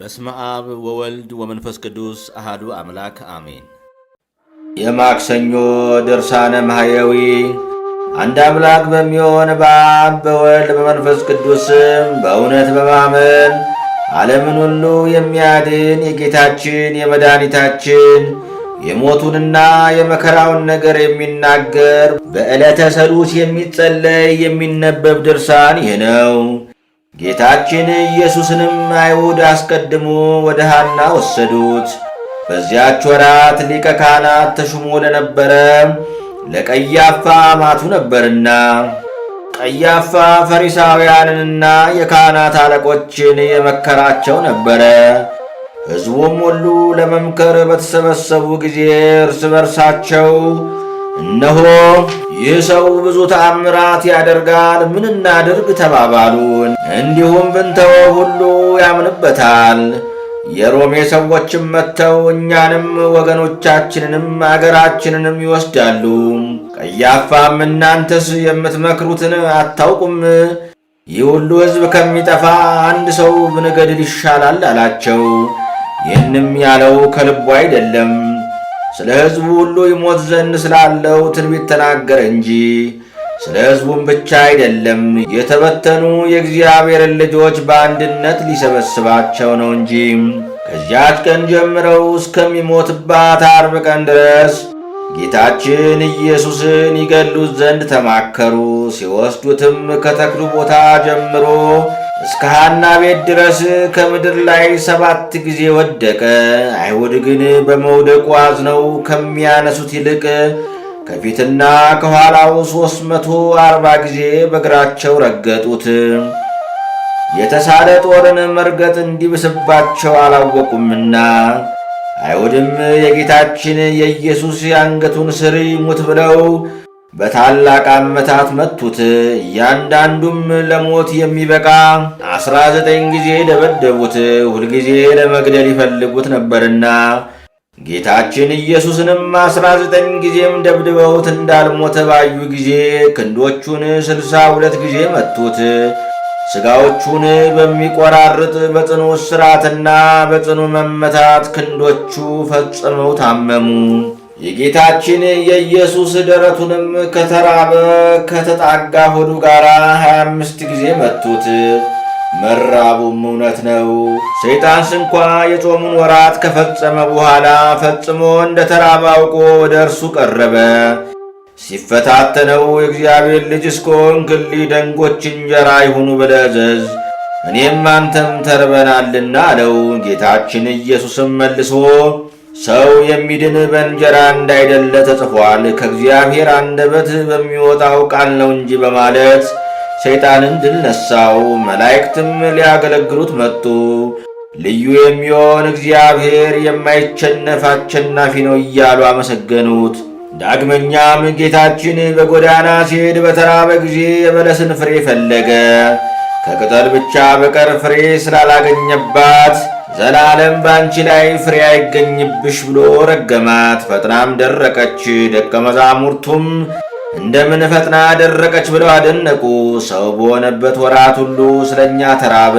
በስመ አብ ወወልድ ወመንፈስ ቅዱስ አሃዱ አምላክ አሜን። የማክሰኞ ድርሳነ ማህየዊ። አንድ አምላክ በሚሆን በአብ በወልድ በመንፈስ ቅዱስም በእውነት በማመን ዓለምን ሁሉ የሚያድን የጌታችን የመድኃኒታችን የሞቱንና የመከራውን ነገር የሚናገር በዕለተ ሰሉስ የሚጸለይ የሚነበብ ድርሳን ይህ ነው። ጌታችን ኢየሱስንም አይሁድ አስቀድሞ ወደ ሐና ወሰዱት። በዚያች ወራት ሊቀ ካህናት ተሹሞ ለነበረ ለቀያፋ አማቱ ነበርና ቀያፋ ፈሪሳውያንንና የካህናት አለቆችን የመከራቸው ነበረ። ሕዝቡም ሁሉ ለመምከር በተሰበሰቡ ጊዜ እርስ በርሳቸው እነሆ ይህ ሰው ብዙ ተአምራት ያደርጋል፣ ምን እናድርግ ተባባሉን። እንዲሁም ብንተወ ሁሉ ያምንበታል። የሮሜ ሰዎችም መጥተው እኛንም ወገኖቻችንንም አገራችንንም ይወስዳሉ። ቀያፋም እናንተስ የምትመክሩትን አታውቁም? ይህ ሁሉ ሕዝብ ከሚጠፋ አንድ ሰው ብንገድል ይሻላል አላቸው። ይህንም ያለው ከልቡ አይደለም ስለ ሕዝቡ ሁሉ ይሞት ዘንድ ስላለው ትንቢት ተናገረ እንጂ ስለ ሕዝቡም ብቻ አይደለም፣ የተበተኑ የእግዚአብሔርን ልጆች በአንድነት ሊሰበስባቸው ነው እንጂ። ከዚያች ቀን ጀምረው እስከሚሞትባት አርብ ቀን ድረስ ጌታችን ኢየሱስን ይገሉት ዘንድ ተማከሩ። ሲወስዱትም ከተክሉ ቦታ ጀምሮ እስከ ሐና ቤት ድረስ ከምድር ላይ ሰባት ጊዜ ወደቀ። አይሁድ ግን በመውደቁ አዝነው ከሚያነሱት ይልቅ ከፊትና ከኋላው ሦስት መቶ አርባ ጊዜ በእግራቸው ረገጡት። የተሳለ ጦርን መርገጥ እንዲብስባቸው አላወቁምና አይሁድም የጌታችን የኢየሱስ የአንገቱን ስር ይሙት ብለው በታላቅ አመታት መቱት። እያንዳንዱም ለሞት የሚበቃ አስራ ዘጠኝ ጊዜ ደበደቡት። ሁልጊዜ ለመግደል ይፈልጉት ነበርና ጌታችን ኢየሱስንም አስራ ዘጠኝ ጊዜም ደብድበውት እንዳልሞተ ባዩ ጊዜ ክንዶቹን ስልሳ ሁለት ጊዜ መቱት። ሥጋዎቹን በሚቈራርጥ በጽኑ እስራትና በጽኑ መመታት ክንዶቹ ፈጽመው ታመሙ። የጌታችን የኢየሱስ ደረቱንም ከተራበ ከተጣጋ ሆዱ ጋር 25 አምስት ጊዜ መቱት። መራቡም እውነት ነው። ሰይጣን ስንኳ የጾሙን ወራት ከፈጸመ በኋላ ፈጽሞ እንደ ተራበ አውቆ ወደ እርሱ ቀረበ። ሲፈታተነው የእግዚአብሔር ልጅ ክሊ ደንጎች እንጀራ ይሁኑ ብለህ እኔም አንተም ተርበናልና አለው። ጌታችን ኢየሱስም መልሶ ሰው የሚድን በእንጀራ እንዳይደለ ተጽፏል፣ ከእግዚአብሔር አንደበት በሚወጣው ቃል ነው እንጂ በማለት ሰይጣንን ድል ነሳው። መላእክትም ሊያገለግሉት መጡ። ልዩ የሚሆን እግዚአብሔር የማይቸነፍ አቸናፊ ነው እያሉ አመሰገኑት። ዳግመኛም ጌታችን በጎዳና ሲሄድ በተራበ ጊዜ የበለስን ፍሬ ፈለገ። ከቅጠል ብቻ በቀር ፍሬ ስላላገኘባት ዘላለም ባንቺ ላይ ፍሬ አይገኝብሽ ብሎ ረገማት። ፈጥናም ደረቀች። ደቀ መዛሙርቱም እንደምን ፈጥና ደረቀች ብለው አደነቁ። ሰው በሆነበት ወራት ሁሉ ስለ እኛ ተራበ።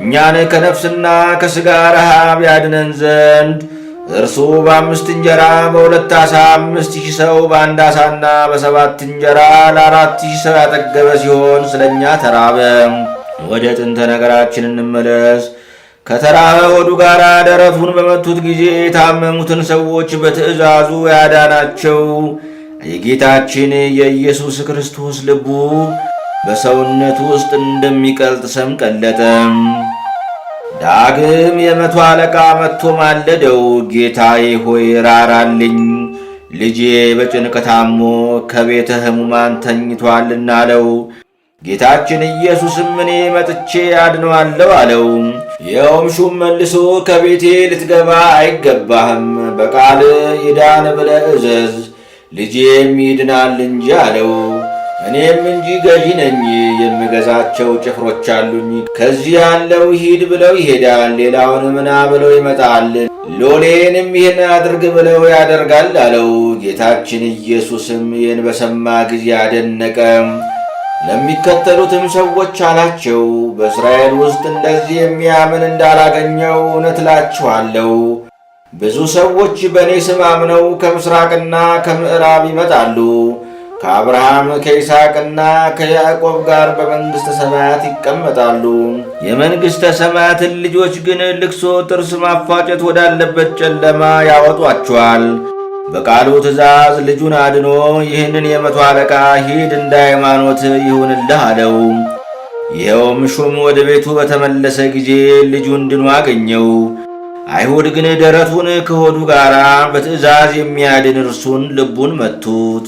እኛን ከነፍስና ከሥጋ ረሃብ ያድነን ዘንድ እርሱ በአምስት እንጀራ በሁለት ዓሣ አምስት ሺህ ሰው በአንድ ዓሣና በሰባት እንጀራ ለአራት ሺህ ሰው ያጠገበ ሲሆን ስለ እኛ ተራበ። ወደ ጥንተ ነገራችን እንመለስ። ከተራበ ሆዱ ጋር ደረቱን በመቱት ጊዜ የታመሙትን ሰዎች በትእዛዙ ያዳናቸው የጌታችን የኢየሱስ ክርስቶስ ልቡ በሰውነት ውስጥ እንደሚቀልጥ ሰም ቀለጠ። ዳግም የመቶ አለቃ መጥቶ ማለደው፣ ጌታዬ ሆይ ራራልኝ፣ ልጄ በጭንቅ ታሞ ከቤተ ሕሙማን ተኝቷልና አለው። ጌታችን ኢየሱስም እኔ መጥቼ አድነዋለሁ አለው። ይኸውም ሹም መልሶ ከቤቴ ልትገባ አይገባህም፣ በቃል ይዳን ብለ እዘዝ፣ ልጄም ይድናል እንጂ አለው። እኔም እንጂ ገዢ ነኝ፣ የምገዛቸው ጭፍሮች አሉኝ። ከዚህ ያለው ሂድ ብለው ይሄዳል፣ ሌላውን ምና ብለው ይመጣል፣ ሎሌንም ይህን አድርግ ብለው ያደርጋል አለው። ጌታችን ኢየሱስም ይህን በሰማ ጊዜ አደነቀ። ለሚከተሉትም ሰዎች አላቸው፣ በእስራኤል ውስጥ እንደዚህ የሚያምን እንዳላገኘው እውነት እላችኋለሁ። ብዙ ሰዎች በእኔ ስም አምነው ከምሥራቅና ከምዕራብ ይመጣሉ፣ ከአብርሃም ከይስሐቅና ከያዕቆብ ጋር በመንግሥተ ሰማያት ይቀመጣሉ። የመንግሥተ ሰማያትን ልጆች ግን ልቅሶ፣ ጥርስ ማፋጨት ወዳለበት ጨለማ ያወጧቸዋል። በቃሉ ትእዛዝ ልጁን አድኖ ይህንን የመቶ አለቃ ሂድ እንደ ሃይማኖት ይሁንልህ አለው። ይኸውም ሹም ወደ ቤቱ በተመለሰ ጊዜ ልጁን ድኖ አገኘው። አይሁድ ግን ደረቱን ከሆዱ ጋር በትእዛዝ የሚያድን እርሱን ልቡን መቱት።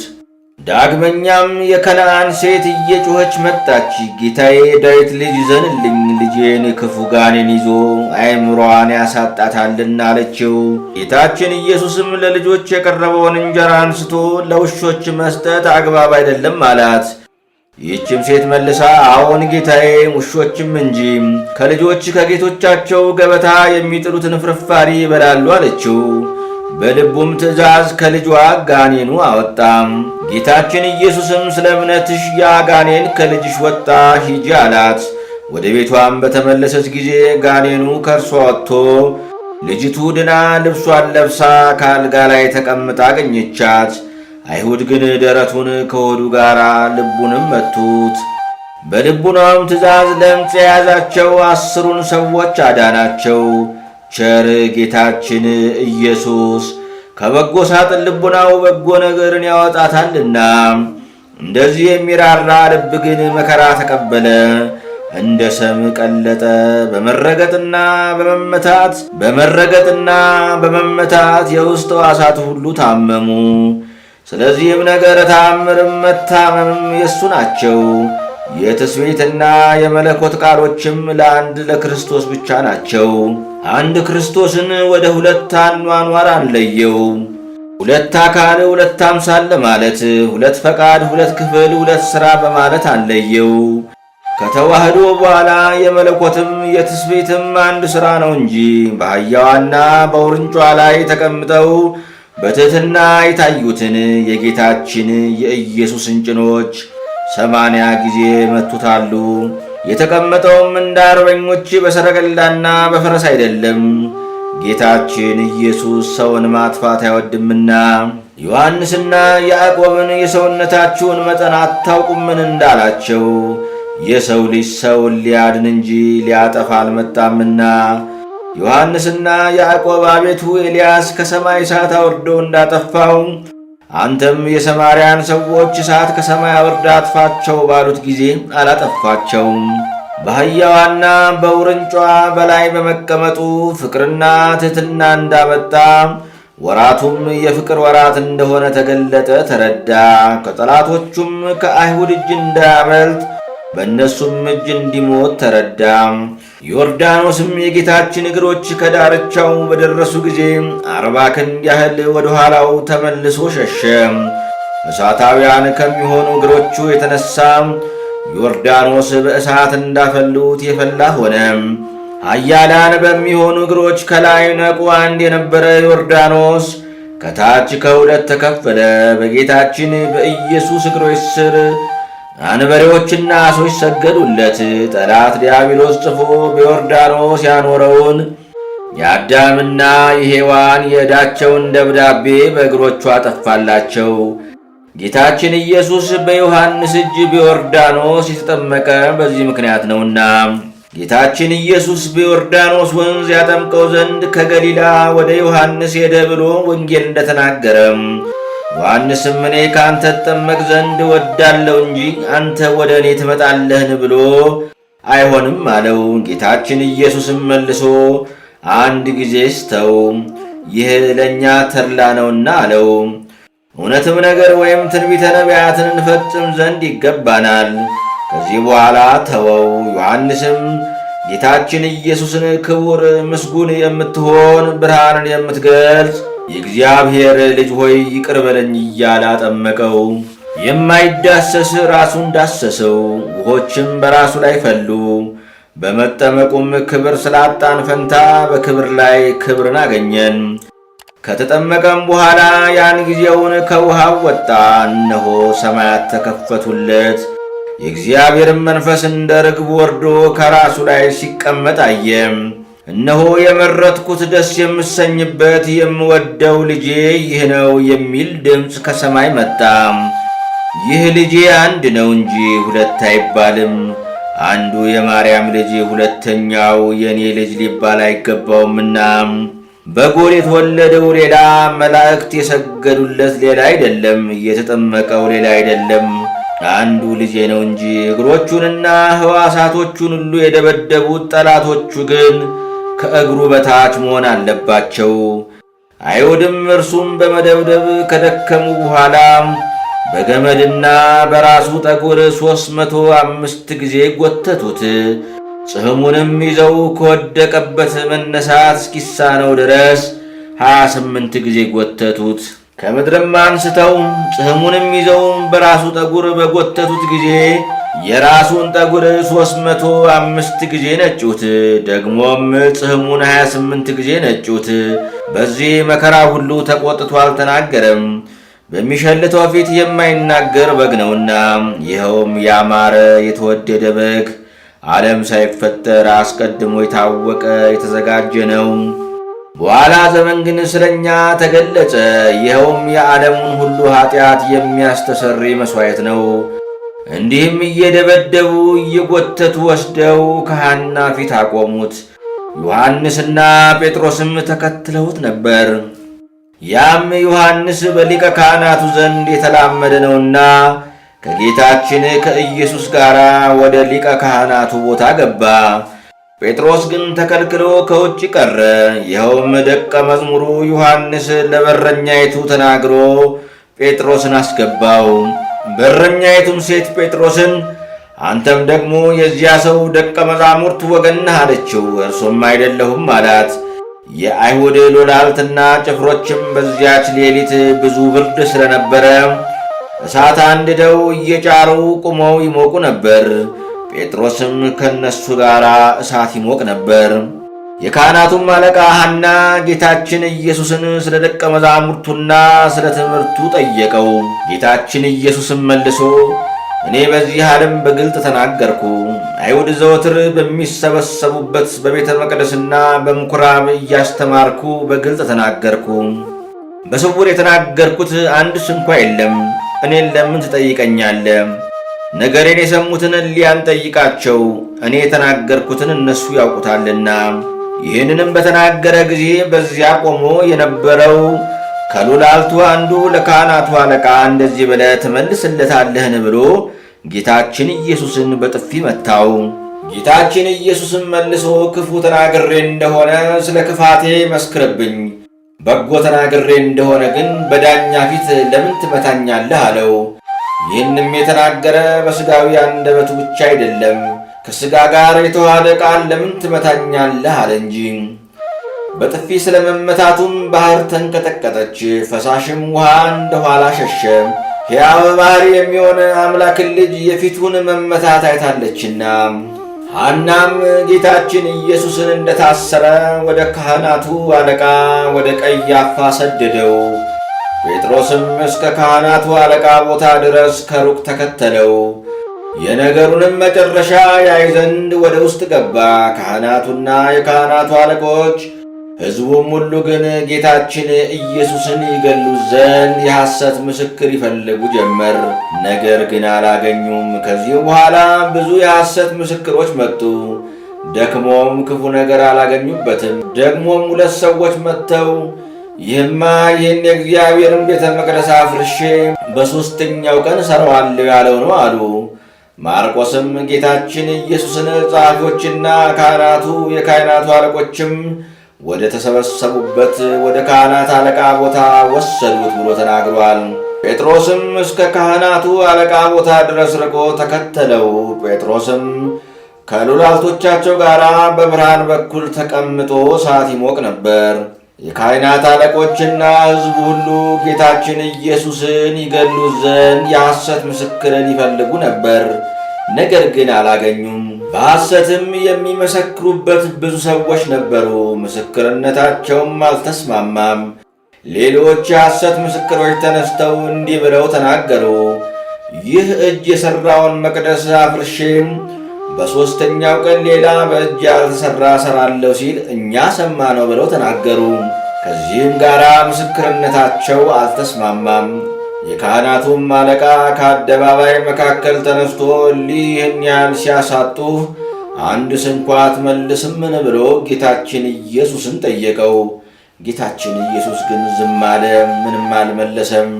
ዳግመኛም የከነአን ሴት እየጮኸች መጣች። ጌታዬ ዳዊት ልጅ ይዘንልኝ፣ ልጄን ክፉ ጋኔን ይዞ አይምሯን ያሳጣታልና አለችው። ጌታችን ኢየሱስም ለልጆች የቀረበውን እንጀራ አንስቶ ለውሾች መስጠት አግባብ አይደለም አላት። ይህችም ሴት መልሳ አዎን ጌታዬ፣ ውሾችም እንጂ ከልጆች ከጌቶቻቸው ገበታ የሚጥሉትን ፍርፋሪ ይበላሉ አለችው። በልቡም ትእዛዝ ከልጇ ጋኔኑ አወጣም። ጌታችን ኢየሱስም ስለ እምነትሽ የአጋኔን ጋኔን ከልጅሽ ወጣ ሂጂ አላት። ወደ ቤቷም በተመለሰች ጊዜ ጋኔኑ ከእርሷ ወጥቶ ልጅቱ ድና ልብሷን ለብሳ ከአልጋ ላይ ተቀምጣ አገኘቻት። አይሁድ ግን ደረቱን ከሆዱ ጋር ልቡንም መቱት። በልቡናውም ትእዛዝ ለምጽ የያዛቸው አስሩን ሰዎች አዳናቸው። ቸር ጌታችን ኢየሱስ ከበጎ ሳጥን ልቡናው በጎ ነገርን ያወጣታልና እንደዚህ የሚራራ ልብ ግን መከራ ተቀበለ፣ እንደ ሰም ቀለጠ። በመረገጥና በመመታት በመረገጥና በመመታት የውስጥ ዋሳት ሁሉ ታመሙ። ስለዚህም ነገር ታምርም መታመምም የእሱ ናቸው። የትስቤትና የመለኮት ቃሎችም ለአንድ ለክርስቶስ ብቻ ናቸው። አንድ ክርስቶስን ወደ ሁለት አኗኗር አለየው። ሁለት አካል፣ ሁለት አምሳል ለማለት ሁለት ፈቃድ፣ ሁለት ክፍል፣ ሁለት ሥራ በማለት አለየው። ከተዋህዶ በኋላ የመለኮትም የትስቤትም አንድ ሥራ ነው እንጂ በአህያዋና በውርንጯ ላይ ተቀምጠው በትሕትና የታዩትን የጌታችን የኢየሱስን ጭኖች ሰማንያ ጊዜ መቱታሉ። የተቀመጠውም እንደ አርበኞች በሰረገላና በፈረስ አይደለም። ጌታችን ኢየሱስ ሰውን ማጥፋት አይወድምና ዮሐንስና ያዕቆብን የሰውነታችሁን መጠን አታውቁምን እንዳላቸው የሰው ልጅ ሰውን ሊያድን እንጂ ሊያጠፋ አልመጣምና ዮሐንስና ያዕቆብ አቤቱ ኤልያስ ከሰማይ እሳት አውርዶ እንዳጠፋው አንተም የሰማርያን ሰዎች እሳት ከሰማይ አውርዳ አጥፋቸው ባሉት ጊዜ አላጠፋቸውም። በአህያዋና በውርንጯ በላይ በመቀመጡ ፍቅርና ትህትና እንዳመጣ ወራቱም የፍቅር ወራት እንደሆነ ተገለጠ፣ ተረዳ። ከጠላቶቹም ከአይሁድ እጅ እንዳያመልጥ በእነሱም እጅ እንዲሞት ተረዳ። ዮርዳኖስም የጌታችን እግሮች ከዳርቻው በደረሱ ጊዜ አርባ ክንድ ያህል ወደ ኋላው ተመልሶ ሸሸ። እሳታውያን ከሚሆኑ እግሮቹ የተነሳ ዮርዳኖስ በእሳት እንዳፈሉት የፈላ ሆነ። አያላን በሚሆኑ እግሮች ከላይ ነቁ አንድ የነበረ ዮርዳኖስ ከታች ከሁለት ተከፈለ። በጌታችን በኢየሱስ እግሮች ስር አንበሬዎችና አሶች ሰገዱለት። ጠላት ዲያብሎስ ጽፎ በዮርዳኖስ ያኖረውን የአዳምና የሔዋን የዕዳቸውን ደብዳቤ በእግሮቹ አጠፋላቸው። ጌታችን ኢየሱስ በዮሐንስ እጅ በዮርዳኖስ የተጠመቀ በዚህ ምክንያት ነውና ጌታችን ኢየሱስ በዮርዳኖስ ወንዝ ያጠምቀው ዘንድ ከገሊላ ወደ ዮሐንስ ሄደ ብሎ ወንጌል እንደተናገረም ዮሐንስም እኔ ከአንተ ጠመቅ ዘንድ ወዳለው እንጂ አንተ ወደ እኔ ትመጣለህን ብሎ አይሆንም አለው። ጌታችን ኢየሱስም መልሶ አንድ ጊዜ ስተው ይህ ለእኛ ተድላ ነውና አለው። እውነትም ነገር ወይም ትንቢተ ነቢያትን እንፈጽም ዘንድ ይገባናል። ከዚህ በኋላ ተወው። ዮሐንስም ጌታችን ኢየሱስን ክቡር ምስጉን የምትሆን ብርሃንን የምትገልጽ የእግዚአብሔር ልጅ ሆይ ይቅር በለኝ እያለ አጠመቀው። የማይዳሰስ ራሱን ዳሰሰው፣ ውሆችም በራሱ ላይ ፈሉ። በመጠመቁም ክብር ስላጣን ፈንታ በክብር ላይ ክብርን አገኘን። ከተጠመቀም በኋላ ያን ጊዜውን ከውሃው ወጣ፣ እነሆ ሰማያት ተከፈቱለት። የእግዚአብሔርን መንፈስ እንደ ርግብ ወርዶ ከራሱ ላይ ሲቀመጥ እነሆ የመረጥኩት ደስ የምሰኝበት የምወደው ልጄ ይህ ነው የሚል ድምፅ ከሰማይ መጣ። ይህ ልጄ አንድ ነው እንጂ ሁለት አይባልም። አንዱ የማርያም ልጅ ሁለተኛው የእኔ ልጅ ሊባል አይገባውምና በጎል የተወለደው ሌላ፣ መላእክት የሰገዱለት ሌላ አይደለም፣ እየተጠመቀው ሌላ አይደለም። አንዱ ልጄ ነው እንጂ እግሮቹንና ሕዋሳቶቹን ሁሉ የደበደቡት ጠላቶቹ ግን ከእግሩ በታች መሆን አለባቸው። አይሁድም እርሱም በመደብደብ ከደከሙ በኋላ በገመድና በራሱ ጠጉር ሦስት መቶ አምስት ጊዜ ጎተቱት። ጽሕሙንም ይዘው ከወደቀበት መነሳት እስኪሳነው ድረስ ሀያ ስምንት ጊዜ ጎተቱት። ከምድርም አንስተው ጽሕሙንም ይዘው በራሱ ጠጉር በጎተቱት ጊዜ የራሱን ጠጉር ሦስት መቶ አምስት ጊዜ ነጩት። ደግሞም ጽሕሙን ሀያ ስምንት ጊዜ ነጩት። በዚህ መከራ ሁሉ ተቆጥቶ አልተናገረም። በሚሸልተው ፊት የማይናገር በግ ነውና፣ ይኸውም ያማረ የተወደደ በግ ዓለም ሳይፈጠር አስቀድሞ የታወቀ የተዘጋጀ ነው። በኋላ ዘመን ግን ስለኛ ተገለጸ። ይኸውም የዓለሙን ሁሉ ኀጢአት የሚያስተሰሪ መሥዋዕት ነው። እንዲህም እየደበደቡ እየጎተቱ ወስደው ከሐና ፊት አቆሙት። ዮሐንስና ጴጥሮስም ተከትለውት ነበር። ያም ዮሐንስ በሊቀ ካህናቱ ዘንድ የተላመደ ነውና ከጌታችን ከኢየሱስ ጋር ወደ ሊቀ ካህናቱ ቦታ ገባ። ጴጥሮስ ግን ተከልክሎ ከውጭ ቀረ። ይኸውም ደቀ መዝሙሩ ዮሐንስ ለበረኛይቱ ተናግሮ ጴጥሮስን አስገባው። በረኛይቱም ሴት ጴጥሮስን አንተም ደግሞ የዚያ ሰው ደቀ መዛሙርት ወገንህ አለችው። እርሱም አይደለሁም አላት። የአይሁድ ሎላልትና ጭፍሮችም በዚያች ሌሊት ብዙ ብርድ ስለነበረ እሳት አንድደው እየጫሩ ቁመው ይሞቁ ነበር። ጴጥሮስም ከእነሱ ጋር እሳት ይሞቅ ነበር። የካህናቱም አለቃ ሐና ጌታችን ኢየሱስን ስለ ደቀ መዛሙርቱና ስለ ትምህርቱ ጠየቀው። ጌታችን ኢየሱስም መልሶ እኔ በዚህ ዓለም በግልጥ ተናገርኩ። አይሁድ ዘወትር በሚሰበሰቡበት በቤተ መቅደስና በምኩራብ እያስተማርኩ በግልጥ ተናገርኩ። በስውር የተናገርኩት አንድ ስንኳ የለም። እኔን ለምን ትጠይቀኛለህ? ነገሬን የሰሙትን ሊያን ጠይቃቸው፣ እኔ የተናገርኩትን እነሱ ያውቁታልና። ይህንንም በተናገረ ጊዜ በዚያ ቆሞ የነበረው ከሉላልቱ አንዱ ለካህናቱ አለቃ እንደዚህ ብለህ ትመልስለታለህን ብሎ ጌታችን ኢየሱስን በጥፊ መታው። ጌታችን ኢየሱስን መልሶ ክፉ ተናግሬ እንደሆነ ስለ ክፋቴ መስክርብኝ፣ በጎ ተናግሬ እንደሆነ ግን በዳኛ ፊት ለምን ትመታኛለህ? አለው። ይህንም የተናገረ በሥጋዊ አንደበቱ ብቻ አይደለም፣ ከሥጋ ጋር የተዋሃደ ቃል ለምን ትመታኛለህ አለ እንጂ። በጥፊ ስለመመታቱም ባሕር ተንቀጠቀጠች፣ ፈሳሽም ውሃ እንደኋላ ሸሸ። ሕያው ባሕር የሚሆን አምላክን ልጅ የፊቱን መመታት አይታለችና። ሐናም ጌታችን ኢየሱስን እንደታሰረ ወደ ካህናቱ አለቃ ወደ ቀያፋ ሰደደው። ጴጥሮስም እስከ ካህናቱ አለቃ ቦታ ድረስ ከሩቅ ተከተለው። የነገሩንም መጨረሻ ያይ ዘንድ ወደ ውስጥ ገባ። ካህናቱና የካህናቱ አለቆች ሕዝቡም ሁሉ ግን ጌታችን ኢየሱስን ይገሉት ዘንድ የሐሰት ምስክር ይፈልጉ ጀመር። ነገር ግን አላገኙም። ከዚህ በኋላ ብዙ የሐሰት ምስክሮች መጡ። ደክሞም ክፉ ነገር አላገኙበትም። ደግሞም ሁለት ሰዎች መጥተው ይህማ ይህን የእግዚአብሔርን ቤተ መቅደስ አፍርሼ በሦስተኛው ቀን እሠራዋለሁ ያለው ነው አሉ። ማርቆስም ጌታችን ኢየሱስን ጸሐፊዎችና ካህናቱ የካህናቱ አለቆችም ወደ ተሰበሰቡበት ወደ ካህናት አለቃ ቦታ ወሰዱት ብሎ ተናግሯል። ጴጥሮስም እስከ ካህናቱ አለቃ ቦታ ድረስ ርቆ ተከተለው። ጴጥሮስም ከሉላልቶቻቸው ጋር በብርሃን በኩል ተቀምጦ እሳት ይሞቅ ነበር። የካህናት አለቆችና ሕዝቡ ሁሉ ጌታችን ኢየሱስን ይገሉት ዘንድ የሐሰት ምስክርን ይፈልጉ ነበር፣ ነገር ግን አላገኙም። በሐሰትም የሚመሰክሩበት ብዙ ሰዎች ነበሩ፣ ምስክርነታቸውም አልተስማማም። ሌሎች የሐሰት ምስክሮች ተነስተው እንዲህ ብለው ተናገሩ፣ ይህ እጅ የሠራውን መቅደስ አፍርሼም በሦስተኛው ቀን ሌላ በእጅ ያልተሠራ እሠራለሁ ሲል እኛ ሰማነው ብለው ተናገሩ። ከዚህም ጋር ምስክርነታቸው አልተስማማም። የካህናቱም አለቃ ከአደባባይ መካከል ተነስቶ ሊህን ያህል ሲያሳጡ አንድ ስንኳ አትመልስምን ብሎ ጌታችን ኢየሱስን ጠየቀው። ጌታችን ኢየሱስ ግን ዝም አለ፣ ምንም አልመለሰም።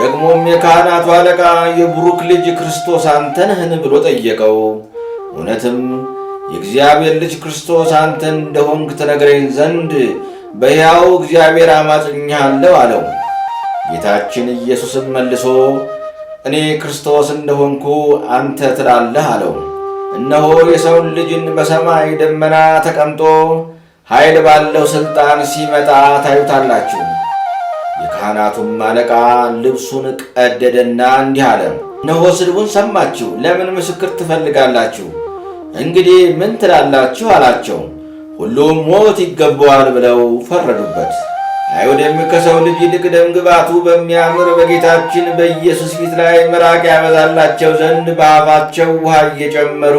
ደግሞም የካህናቱ አለቃ የብሩክ ልጅ ክርስቶስ አንተ ነህን ብሎ ጠየቀው። እውነትም የእግዚአብሔር ልጅ ክርስቶስ አንተ እንደሆንክ ትነግረኝ ዘንድ በሕያው እግዚአብሔር አማጽኛለሁ አለው። ጌታችን ኢየሱስም መልሶ እኔ ክርስቶስ እንደሆንኩ አንተ ትላለህ አለው። እነሆ የሰውን ልጅን በሰማይ ደመና ተቀምጦ ኃይል ባለው ሥልጣን ሲመጣ ታዩታላችሁ። የካህናቱም አለቃ ልብሱን ቀደደና እንዲህ አለ፣ እነሆ ስድቡን ሰማችሁ። ለምን ምስክር ትፈልጋላችሁ? እንግዲህ ምን ትላላችሁ አላቸው። ሁሉም ሞት ይገባዋል ብለው ፈረዱበት። አይሁድም ከሰው ልጅ ይልቅ ደምግባቱ በሚያምር በጌታችን በኢየሱስ ፊት ላይ ምራቅ ያበዛላቸው ዘንድ በአፋቸው ውሃ እየጨመሩ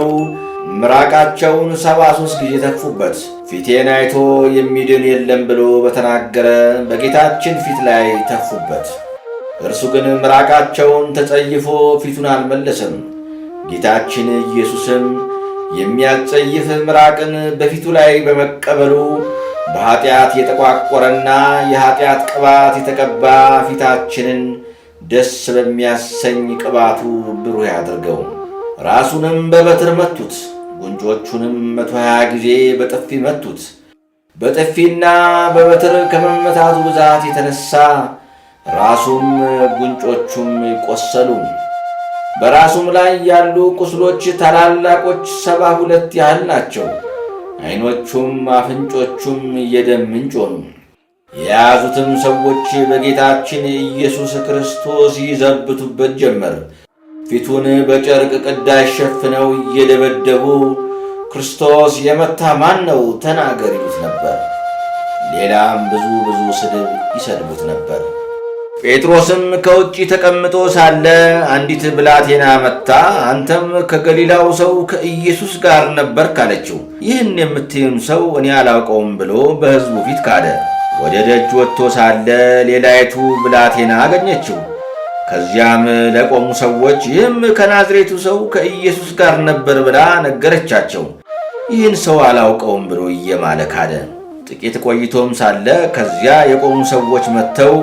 ምራቃቸውን ሰባ ሦስት ጊዜ ተፉበት። ፊቴን አይቶ የሚድን የለም ብሎ በተናገረ በጌታችን ፊት ላይ ተፉበት። እርሱ ግን ምራቃቸውን ተጸይፎ ፊቱን አልመለሰም። ጌታችን ኢየሱስም የሚያጸይፍ ምራቅን በፊቱ ላይ በመቀበሉ በኃጢአት የተቋቆረና የኃጢአት ቅባት የተቀባ ፊታችንን ደስ በሚያሰኝ ቅባቱ ብሩህ ያድርገው። ራሱንም በበትር መቱት፣ ጉንጮቹንም መቶ ሀያ ጊዜ በጥፊ መቱት። በጥፊና በበትር ከመመታቱ ብዛት የተነሳ ራሱም ጉንጮቹም ይቆሰሉ። በራሱም ላይ ያሉ ቁስሎች ታላላቆች ሰባ ሁለት ያህል ናቸው። አይኖቹም፣ አፍንጮቹም የደም ምንጭ ሆኑ። የያዙትም ሰዎች በጌታችን ኢየሱስ ክርስቶስ ይዘብቱበት ጀመር። ፊቱን በጨርቅ ቅዳ ሸፍነው እየደበደቡ ክርስቶስ የመታ ማን ነው? ተናገር ይሉት ነበር። ሌላም ብዙ ብዙ ስድብ ይሰድቡት ነበር። ጴጥሮስም ከውጭ ተቀምጦ ሳለ አንዲት ብላቴና መጥታ አንተም ከገሊላው ሰው ከኢየሱስ ጋር ነበርክ አለችው። ይህን የምትይም ሰው እኔ አላውቀውም ብሎ በሕዝቡ ፊት ካደ። ወደ ደጅ ወጥቶ ሳለ ሌላይቱ ብላቴና አገኘችው። ከዚያም ለቆሙ ሰዎች ይህም ከናዝሬቱ ሰው ከኢየሱስ ጋር ነበር ብላ ነገረቻቸው። ይህን ሰው አላውቀውም ብሎ እየማለ ካደ። ጥቂት ቆይቶም ሳለ ከዚያ የቆሙ ሰዎች መጥተው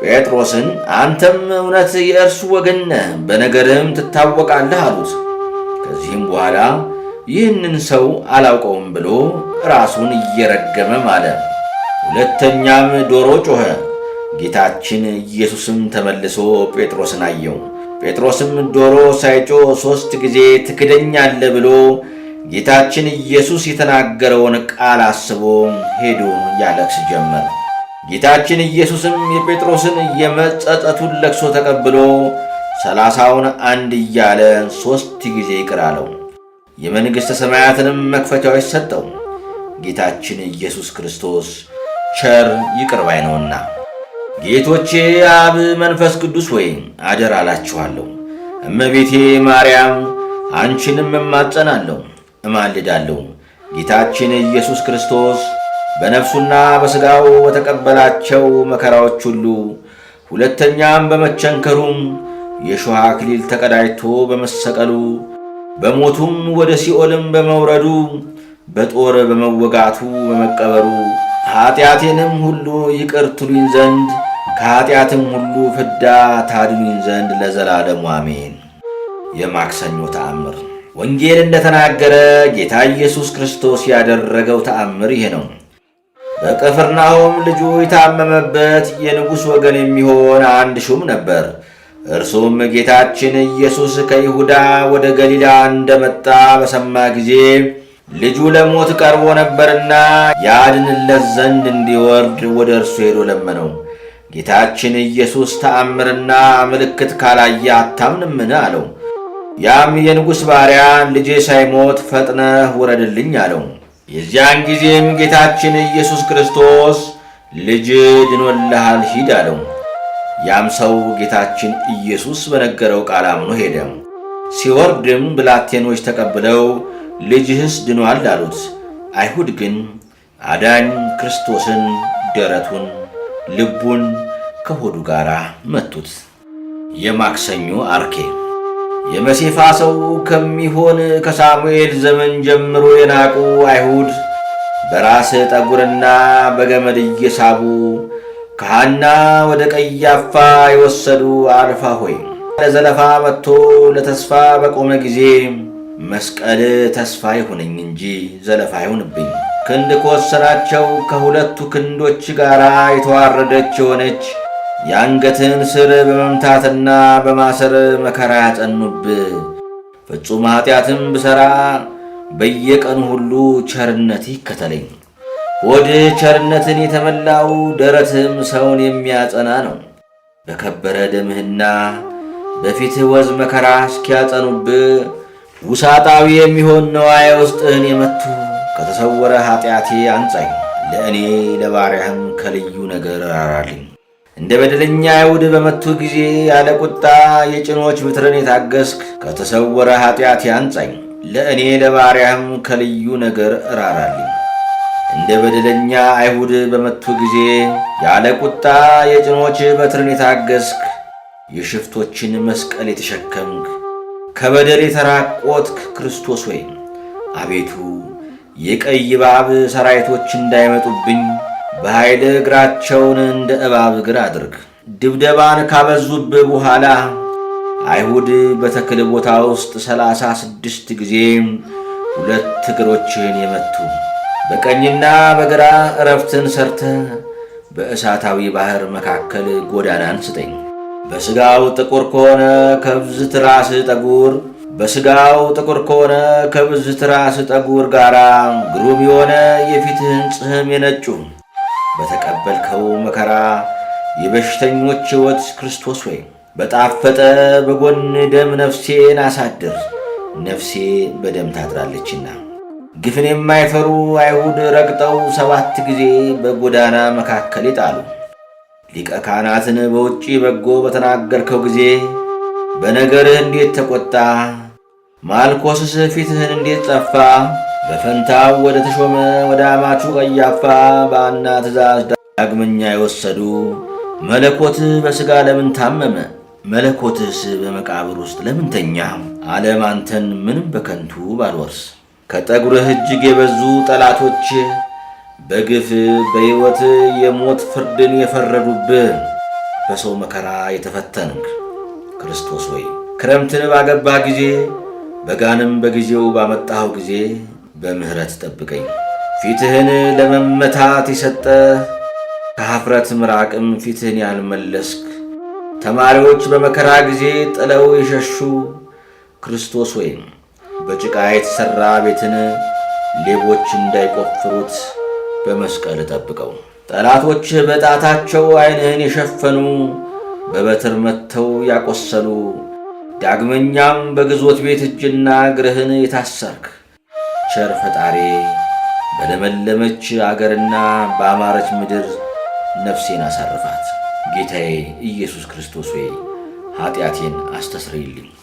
ጴጥሮስን አንተም እውነት የእርሱ ወገነ በነገርህም ትታወቃለህ አሉት። ከዚህም በኋላ ይህንን ሰው አላውቀውም ብሎ ራሱን እየረገመ አለ ሁለተኛም ዶሮ ጮኸ። ጌታችን ኢየሱስም ተመልሶ ጴጥሮስን አየው። ጴጥሮስም ዶሮ ሳይጮ ሦስት ጊዜ ትክደኛለህ ብሎ ጌታችን ኢየሱስ የተናገረውን ቃል አስቦ ሄዶ ያለቅስ ጀመር። ጌታችን ኢየሱስም የጴጥሮስን የመጸጸቱን ለቅሶ ተቀብሎ ሰላሳውን አንድ እያለ ሦስት ጊዜ ይቅር አለው። የመንግሥተ ሰማያትንም መክፈቻዎች ሰጠው። ጌታችን ኢየሱስ ክርስቶስ ቸር ይቅር ባይ ነውና ጌቶቼ አብ መንፈስ ቅዱስ ወይ አደር አላችኋለሁ። እመቤቴ ማርያም አንቺንም እማጸናለሁ እማልዳለሁ ጌታችን ኢየሱስ ክርስቶስ በነፍሱና በሥጋው በተቀበላቸው መከራዎች ሁሉ ሁለተኛም በመቸንከሩም የእሾህ አክሊል ተቀዳጅቶ በመሰቀሉ በሞቱም ወደ ሲኦልም በመውረዱ በጦር በመወጋቱ በመቀበሩ ኀጢአቴንም ሁሉ ይቅር ትሉኝ ዘንድ ከኀጢአትም ሁሉ ፍዳ ታድኑኝ ዘንድ ለዘላለሙ አሜን። የማክሰኞ ተአምር ወንጌል እንደተናገረ ጌታ ኢየሱስ ክርስቶስ ያደረገው ተአምር ይሄ ነው። በቅፍርናሆም ልጁ የታመመበት የንጉሥ ወገን የሚሆን አንድ ሹም ነበር። እርሱም ጌታችን ኢየሱስ ከይሁዳ ወደ ገሊላ እንደመጣ በሰማ ጊዜ ልጁ ለሞት ቀርቦ ነበርና ያድንለት ዘንድ እንዲወርድ ወደ እርሱ ሄዶ ለመነው። ጌታችን ኢየሱስ ተአምርና ምልክት ካላየ አታምንምን? አለው። ያም የንጉሥ ባሪያ ልጄ ሳይሞት ፈጥነህ ውረድልኝ አለው። የዚያን ጊዜም ጌታችን ኢየሱስ ክርስቶስ ልጅ ድኖልሃል፣ ሂድ አለው። ያም ሰው ጌታችን ኢየሱስ በነገረው ቃል አምኖ ሄደ። ሲወርድም ብላቴኖች ተቀብለው ልጅህስ ድኗል አሉት። አይሁድ ግን አዳኝ ክርስቶስን ደረቱን፣ ልቡን ከሆዱ ጋር መቱት። የማክሰኞ አርኬ የመሴፋ ሰው ከሚሆን ከሳሙኤል ዘመን ጀምሮ የናቁ አይሁድ በራስ ጠጉርና በገመድ እየሳቡ ከሐና ወደ ቀያፋ የወሰዱ አልፋ ሆይ ለዘለፋ መጥቶ ለተስፋ በቆመ ጊዜ መስቀል ተስፋ ይሁነኝ እንጂ ዘለፋ ይሁንብኝ። ክንድ ከወሰናቸው ከሁለቱ ክንዶች ጋር የተዋረደች የሆነች የአንገትህን ስር በመምታትና በማሰር መከራ ያጸኑብ! ፍጹም ኃጢአትም ብሠራ በየቀኑ ሁሉ ቸርነት ይከተለኝ። ሆድህ ቸርነትን የተመላው ደረትም ሰውን የሚያጸና ነው። በከበረ ደምህና በፊትህ ወዝ መከራ እስኪያጸኑብህ ውሳጣዊ የሚሆን ነዋዬ ውስጥህን የመቱ ከተሰወረ ኃጢአቴ አንጻኝ፣ ለእኔ ለባሪያህም ከልዩ ነገር አራልኝ። እንደ በደለኛ አይሁድ በመቱ ጊዜ ያለ ቁጣ የጭኖች ብትርን የታገስክ ከተሰወረ ኃጢአት ያንጻኝ፣ ለእኔ ለባሪያህም ከልዩ ነገር እራራልኝ። እንደ በደለኛ አይሁድ በመቱ ጊዜ ያለ ቁጣ የጭኖች በትርን የታገስክ የሽፍቶችን መስቀል የተሸከምክ ከበደል የተራቆትክ ክርስቶስ ወይም አቤቱ የቀይ ባብ ሰራዊቶች እንዳይመጡብኝ በኃይል እግራቸውን እንደ እባብ እግር አድርግ። ድብደባን ካበዙብ በኋላ አይሁድ በተክል ቦታ ውስጥ ሰላሳ ስድስት ጊዜ ሁለት እግሮችህን የመቱ በቀኝና በግራ እረፍትን ሰርተህ በእሳታዊ ባህር መካከል ጎዳናን ስጠኝ። በሥጋው ጥቁር ከሆነ ከብዝት ራስ ጠጉር በሥጋው ጥቁር ከሆነ ከብዝት ራስ ጠጉር ጋር ግሩም የሆነ የፊትህን ጽህም የነጩም በተቀበልከው መከራ የበሽተኞች ሕይወት ክርስቶስ ወይ በጣፈጠ በጎን ደም ነፍሴን አሳድር። ነፍሴ በደም ታድራለችና ግፍን የማይፈሩ አይሁድ ረግጠው ሰባት ጊዜ በጎዳና መካከል ይጣሉ። ሊቀ ካህናትን በውጪ በጎ በተናገርከው ጊዜ በነገርህ እንዴት ተቆጣ? ማልኮስስ ፊትህን እንዴት ጸፋ? በፈንታው ወደ ተሾመ ወደ አማቹ ቀያፋ በአና ትእዛዝ ዳግመኛ የወሰዱ መለኮት በሥጋ ለምን ታመመ? መለኮትስ በመቃብር ውስጥ ለምን ተኛ? ዓለም አንተን ምንም በከንቱ ባልወርስ ከጠጉርህ እጅግ የበዙ ጠላቶች በግፍ በሕይወት የሞት ፍርድን የፈረዱብህ በሰው መከራ የተፈተንክ ክርስቶስ ወይ ክረምትን ባገባህ ጊዜ በጋንም በጊዜው ባመጣኸው ጊዜ በምሕረት ጠብቀኝ። ፊትህን ለመመታት የሰጠ ከሀፍረት ምራቅም ፊትህን ያልመለስክ ተማሪዎች በመከራ ጊዜ ጥለው የሸሹ ክርስቶስ ወይም በጭቃ የተሠራ ቤትን ሌቦች እንዳይቆፍሩት በመስቀል ጠብቀው። ጠላቶችህ በጣታቸው ዐይንህን የሸፈኑ በበትር መጥተው ያቈሰሉ ዳግመኛም በግዞት ቤት እጅና እግርህን የታሰርክ ቸር ፈጣሬ በለመለመች አገርና በአማረች ምድር ነፍሴን አሳርፋት። ጌታዬ ኢየሱስ ክርስቶስ ሆይ ኃጢአቴን አስተስርይልኝ።